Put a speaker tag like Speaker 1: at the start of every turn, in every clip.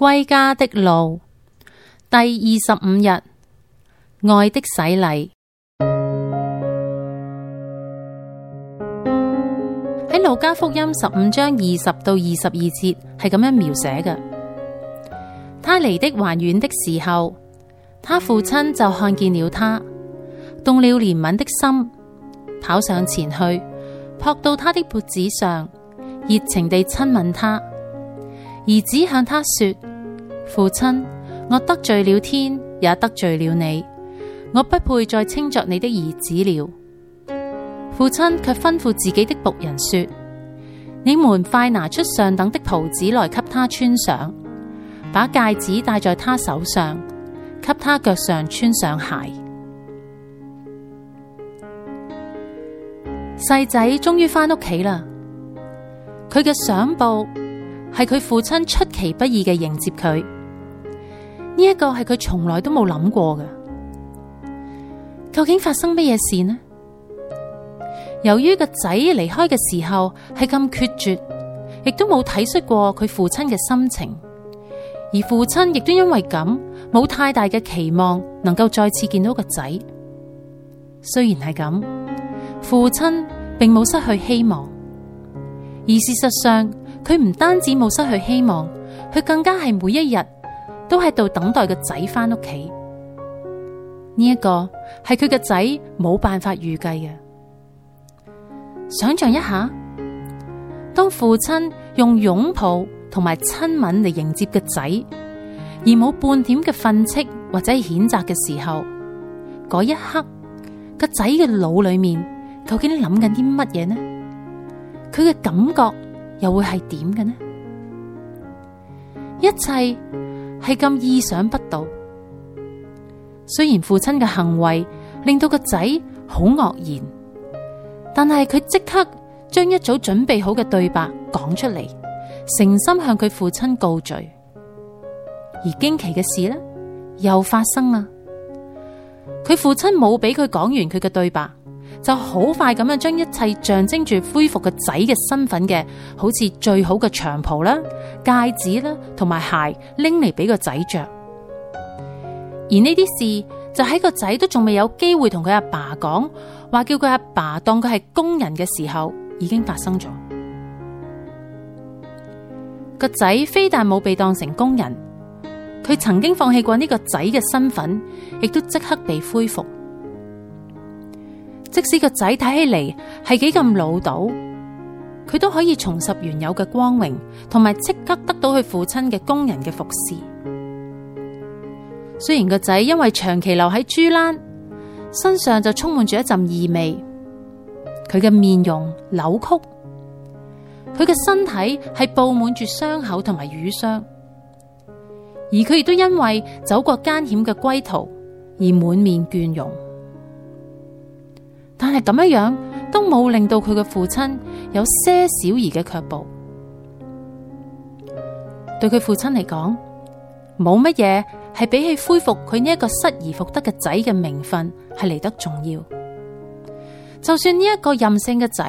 Speaker 1: 歸家的路，第二十五日，愛的洗禮。喺《路加福音》十五章二十到二十二節係咁樣描寫嘅：，他離的還遠的時候，他父親就看見了他，動了憐憫的心，跑上前去，撲到他的脖子上，熱情地親吻他。兒子向他說：，父親，我得罪了天，也得罪了你，我不配再稱作你的兒子了。父親卻吩咐自己的僕人說：，你們快拿出上等的袍子來給他穿上，把戒指戴在他手上，給他腳上穿上鞋。細仔終於返屋企啦，佢嘅償報。係佢父親出其不意嘅迎接佢，呢一個係佢從來都冇諗過嘅。究竟發生乜嘢事呢？由於個仔離開嘅時候係咁決絕，亦都冇體恤過佢父親嘅心情，而父親亦都因為咁冇太大嘅期望，能夠再次見到個仔。雖然係咁，父親並冇失去希望，而事實上，佢唔單止冇失去希望，佢更加係每一日都喺度等待個仔返屋企。呢一個係佢嘅仔冇辦法預計嘅。想象一下，當父親用擁抱同埋親吻嚟迎接個仔，而冇半點嘅訓斥，或者譴責嘅時候，嗰一刻個仔嘅腦裏面究竟諗緊啲乜嘢呢？佢嘅感覺。又會係點嘅呢？一切係咁意想不到。雖然父親嘅行為令到個仔好愕然，但係佢即刻將一早準備好嘅對白講出嚟，誠心向佢父親告罪。而驚奇嘅事呢，又發生喇！佢父親冇俾佢講完佢嘅對白。就好快咁樣將一切象徵住恢復個仔嘅身份嘅，好似最好嘅長袍啦、戒指啦同埋鞋拎嚟俾個仔着。而呢啲事就喺個仔都仲未有機會同佢阿爸講，話叫佢阿爸當佢係工人嘅時候，已經發生咗。個仔非但冇被當成工人，佢曾經放棄過呢個仔嘅身份，亦都即刻被恢復。即使個仔睇起嚟係幾咁潦倒，佢都可以重拾原有嘅光榮，同埋即刻得到佢父親嘅工人嘅服侍。雖然個仔因為長期留喺豬欄，身上就充滿住一陣異味，佢嘅面容扭曲，佢嘅身體係布滿住傷口同埋瘀傷，而佢亦都因為走過艱險嘅歸途而滿面倦容。但係咁樣樣都冇令到佢嘅父親有些小兒嘅卻步對他。對佢父親嚟講，冇乜嘢係比起恢復佢呢一個失而復得嘅仔嘅名分係嚟得重要。就算呢一個任性嘅仔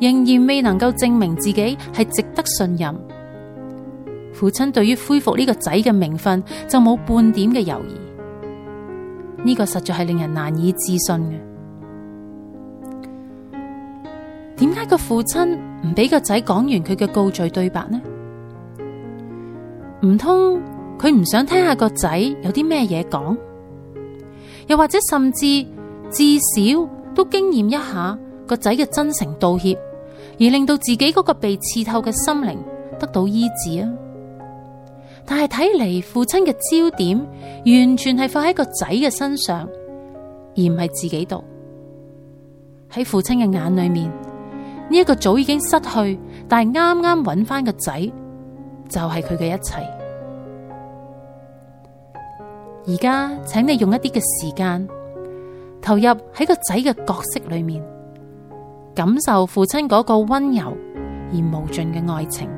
Speaker 1: 仍然未能夠證明自己係值得信任，父親對於恢復呢個仔嘅名分就冇半點嘅猶疑。呢個實在係令人難以置信嘅。一個父親唔俾個仔講完佢嘅告罪對白呢？唔通佢唔想聽下個仔有啲咩嘢講？又或者甚至至少都經驗一下個仔嘅真誠道歉，而令到自己嗰個被刺透嘅心靈得到醫治啊？但係睇嚟，父親嘅焦點完全係放喺個仔嘅身上，而唔係自己度。喺父親嘅眼裏面。呢、這、一個早已經失去，但係啱啱揾翻個仔，就係佢嘅一切。而家請你用一啲嘅時間，投入喺個仔嘅角色裏面，感受父親嗰個溫柔而無盡嘅愛情。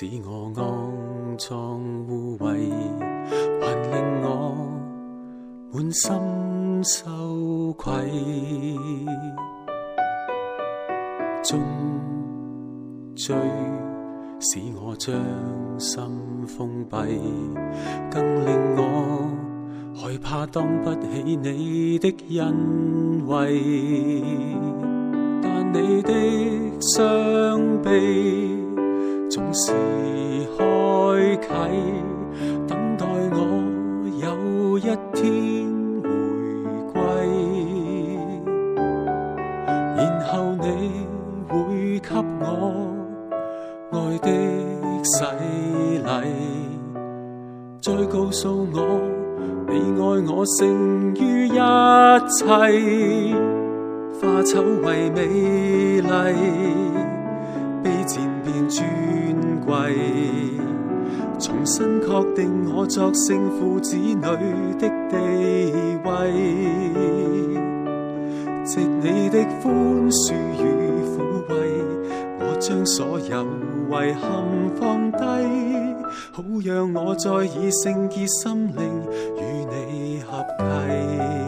Speaker 2: 使我骯髒污穢，還令我滿心羞愧。眾罪使我將心封閉，更令我害怕當不起你的恩惠。但你的雙臂總是開啟，等待我有一天回歸，然後你會給我愛的洗禮，再告訴我你愛我勝於一切，化醜為美麗。尊貴，重新確定我作聖父子女的地位。藉你的寬恕與撫慰，我將所有遺憾放低，好讓我再以聖潔心靈與你合契。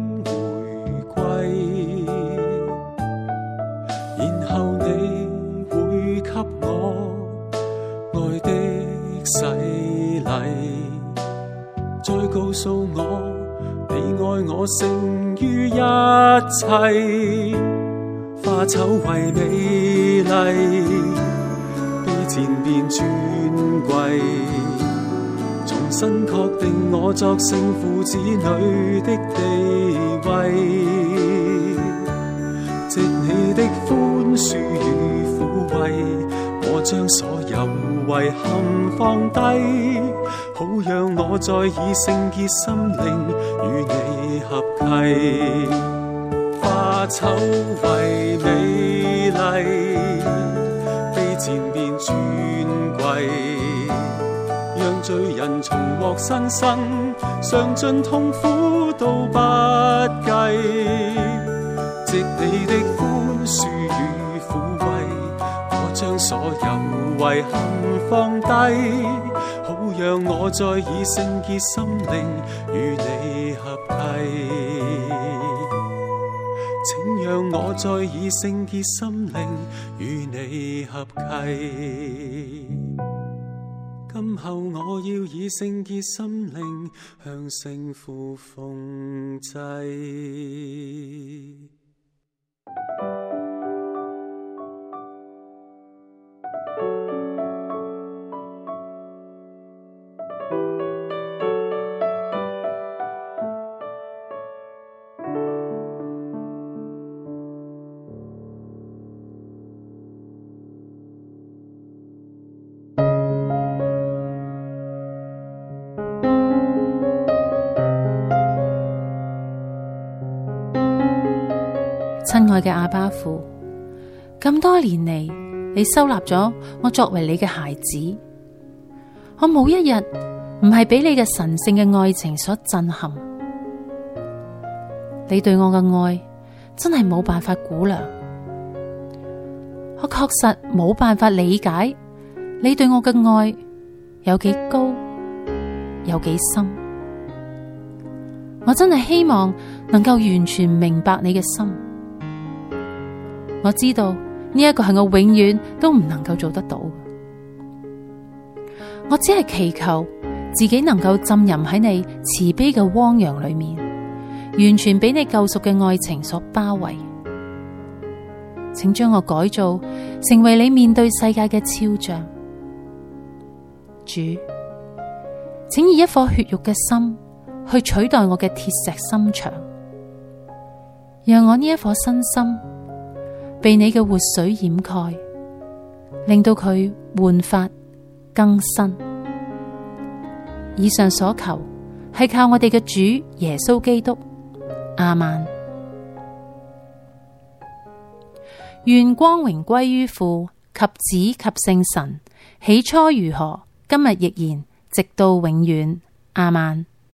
Speaker 2: 洗禮，再告訴我，你愛我勝於一切。化醜為美麗，卑賤變尊貴，重新確定我作聖父子女的地位，藉你的寬恕與撫慰。將所有遺憾放低，好讓我再以聖潔心靈與你合契。化醜為美麗，卑賤變尊貴，讓罪人重獲新生，嘗盡痛苦都不計，藉你的寬恕與。遺憾放低，好讓我再以聖潔心靈與你合契。請讓我再以聖潔心靈與你合契。今後我要以聖潔心靈向聖父奉祭。
Speaker 1: 愛嘅阿爸父，咁多年嚟，你收納咗我作為你嘅孩子，我冇一日唔係俾你嘅神聖嘅愛情所震撼。你對我嘅愛真係冇辦法估量，我確實冇辦法理解你對我嘅愛有幾高，有幾深。我真係希望能夠完全明白你嘅心。我知道呢一個係我永遠都唔能夠做得到，我只係祈求自己能夠浸淫喺你慈悲嘅汪洋裏面，完全被你救贖嘅愛情所包圍。請將我改造成為你面對世界嘅肖像，主，請以一顆血肉嘅心去取代我嘅鐵石心腸，讓我呢一顆新心，被你嘅活水掩蓋，令到佢煥發更新。以上所求係靠我哋嘅主耶穌基督，阿曼。願光榮歸於父及子及聖神。起初如何，今日亦然，直到永遠。阿曼。